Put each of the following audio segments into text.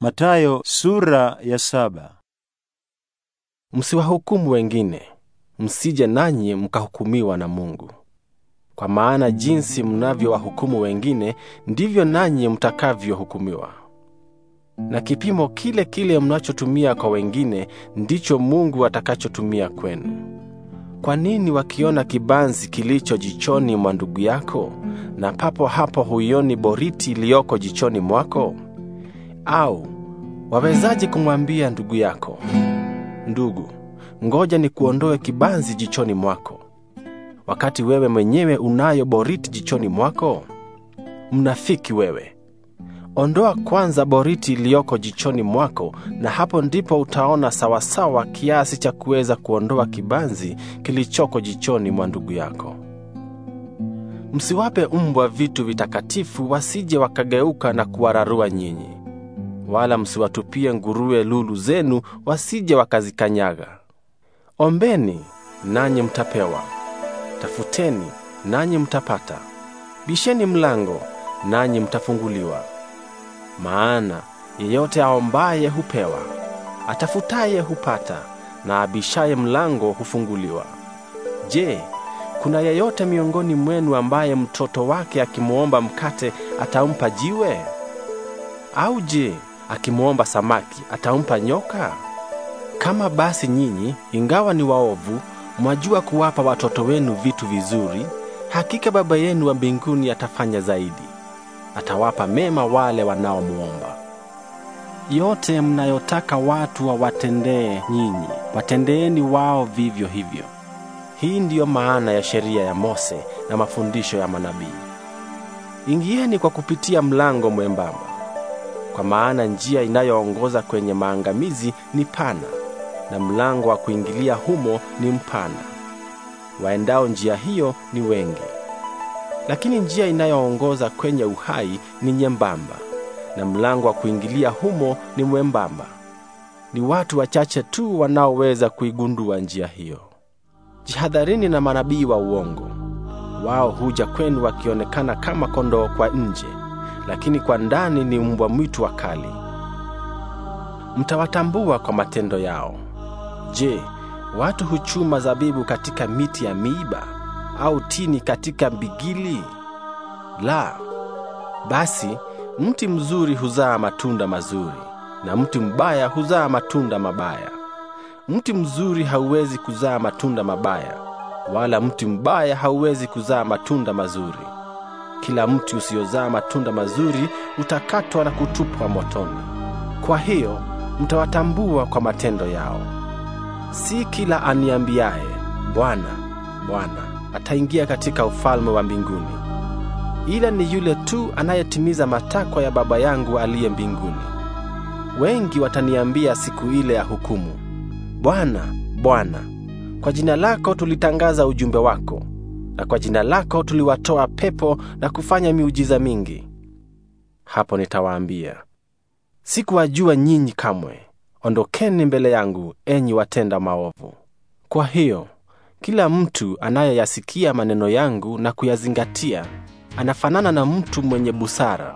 Matayo sura ya saba. Msiwahukumu wengine, msije nanyi mkahukumiwa na Mungu. Kwa maana jinsi mnavyowahukumu wengine, ndivyo nanyi mtakavyohukumiwa. Na kipimo kile kile mnachotumia kwa wengine, ndicho Mungu atakachotumia kwenu. Kwa nini wakiona kibanzi kilicho jichoni mwa ndugu yako, na papo hapo huioni boriti iliyoko jichoni mwako? Au wawezaje kumwambia ndugu yako, ndugu, ngoja nikuondoe kibanzi jichoni mwako, wakati wewe mwenyewe unayo boriti jichoni mwako? Mnafiki wewe! Ondoa kwanza boriti iliyoko jichoni mwako, na hapo ndipo utaona sawasawa kiasi cha kuweza kuondoa kibanzi kilichoko jichoni mwa ndugu yako. Msiwape mbwa vitu vitakatifu, wasije wakageuka na kuwararua nyinyi wala msiwatupie nguruwe lulu zenu, wasije wakazikanyaga. Ombeni nanyi mtapewa, tafuteni nanyi mtapata, bisheni mlango nanyi mtafunguliwa. Maana yeyote aombaye hupewa, atafutaye hupata, na abishaye mlango hufunguliwa. Je, kuna yeyote miongoni mwenu ambaye mtoto wake akimwomba mkate atampa jiwe? Au je, akimwomba samaki atampa nyoka? Kama basi nyinyi, ingawa ni waovu, mwajua kuwapa watoto wenu vitu vizuri, hakika Baba yenu wa mbinguni atafanya zaidi, atawapa mema wale wanaomwomba. Yote mnayotaka watu wawatendee nyinyi, watendeeni wao vivyo hivyo. Hii ndiyo maana ya sheria ya Mose na mafundisho ya manabii. Ingieni kwa kupitia mlango mwembamba kwa maana njia inayoongoza kwenye maangamizi ni pana na mlango wa kuingilia humo ni mpana. Waendao njia hiyo ni wengi, lakini njia inayoongoza kwenye uhai ni nyembamba na mlango wa kuingilia humo ni mwembamba. Ni watu wachache tu wanaoweza kuigundua njia hiyo. Jihadharini na manabii wa uongo. Wao huja kwenu wakionekana kama kondoo kwa nje lakini kwa ndani ni mbwa mwitu wakali. Mtawatambua kwa matendo yao. Je, watu huchuma zabibu katika miti ya miiba au tini katika mbigili? La! Basi mti mzuri huzaa matunda mazuri na mti mbaya huzaa matunda mabaya. Mti mzuri hauwezi kuzaa matunda mabaya, wala mti mbaya hauwezi kuzaa matunda mazuri. Kila mti usiozaa matunda mazuri utakatwa na kutupwa motoni. Kwa hiyo mtawatambua kwa matendo yao. Si kila aniambiaye Bwana, Bwana ataingia katika ufalme wa mbinguni, ila ni yule tu anayetimiza matakwa ya Baba yangu aliye mbinguni. Wengi wataniambia siku ile ya hukumu, Bwana, Bwana, kwa jina lako tulitangaza ujumbe wako na kwa jina lako tuliwatoa pepo na kufanya miujiza mingi. Hapo nitawaambia, sikuwajua nyinyi kamwe, ondokeni mbele yangu, enyi watenda maovu. Kwa hiyo kila mtu anayeyasikia maneno yangu na kuyazingatia anafanana na mtu mwenye busara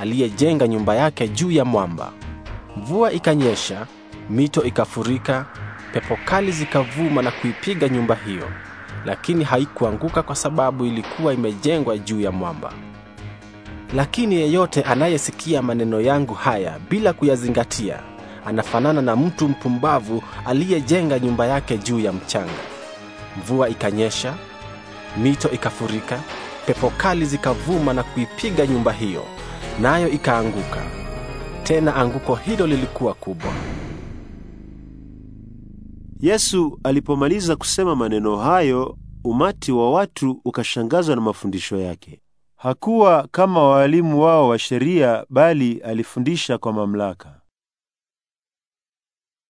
aliyejenga nyumba yake juu ya mwamba. Mvua ikanyesha, mito ikafurika, pepo kali zikavuma na kuipiga nyumba hiyo lakini haikuanguka kwa sababu ilikuwa imejengwa juu ya mwamba. Lakini yeyote anayesikia maneno yangu haya bila kuyazingatia anafanana na mtu mpumbavu aliyejenga nyumba yake juu ya mchanga. Mvua ikanyesha, mito ikafurika, pepo kali zikavuma na kuipiga nyumba hiyo, nayo ikaanguka. Tena anguko hilo lilikuwa kubwa. Yesu alipomaliza kusema maneno hayo, umati wa watu ukashangazwa na mafundisho yake. Hakuwa kama waalimu wao wa sheria, bali alifundisha kwa mamlaka.